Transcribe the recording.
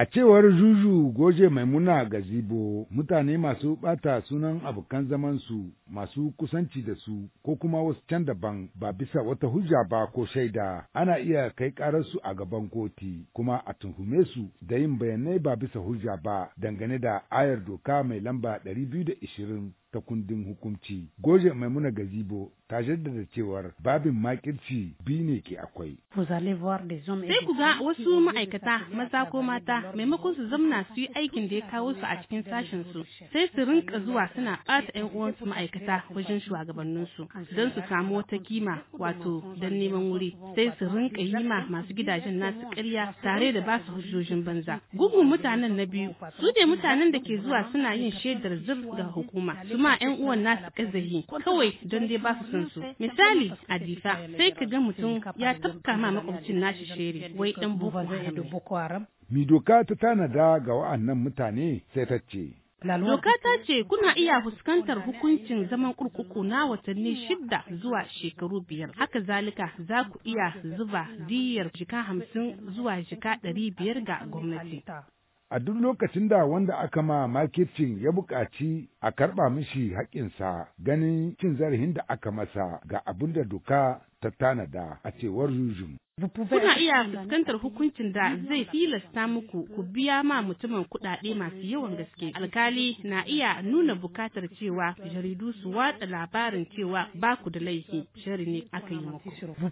A cewar Juju Goje Maimuna Gazibo, mutane masu ɓata sunan abokan zamansu masu kusanci da su ko kuma wasu can daban ba bisa wata hujja ba ko shaida ana iya kai ƙararsu a gaban koti kuma a tuhume su da yin bayanai ba bisa hujja ba dangane da ayar doka mai lamba 220 ta kundin hukunci. Goje Maimuna Gazibo ta jaddada cewar babin makirci biyu ne ke akwai. Sai ku ga wasu ma'aikata maza ko mata maimakon su zamna su yi aikin da ya kawo su a cikin sashen su sai su rinka zuwa suna ɓata 'yan uwansu ma'aikata wajen shugabannin su, don su samu wata kima wato don neman wuri sai su rinka yi ma masu gidajen nasu ƙarya tare da basu hujjojin banza. Gugun mutanen na biyu su ne mutanen da ke zuwa suna yin shaidar zub ga hukuma su ma 'yan uwan nasu ƙazahi kawai don dai ba su su misali a difa sai ka ga mutum ya tafka ma makwabcin nashi shere wai dan boko haram mi doka ta tanada ga wa'annan mutane sai ta ce Doka ta ce kuna iya fuskantar hukuncin zaman kurkuku na watanni shida zuwa shekaru biyar. Haka zalika za ku iya zuba diyyar jika hamsin zuwa jika ɗari biyar ga gwamnati. A duk lokacin da wanda aka ma makircin ya buƙaci a karɓa mishi haƙƙinsa ganin cin zarafin da aka masa ga abin da doka ta tanada a cewar Jujum. Kuna iya fuskantar hukuncin da zai filasta muku ku biya ma mutumin kuɗaɗe masu yawan gaske. Alkali na iya nuna bukatar cewa jaridu su watsa labarin cewa ba ku da laifi shari ne aka yi muku.